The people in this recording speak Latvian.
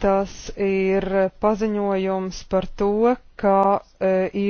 tas ir paziņojums par to, ka e, ir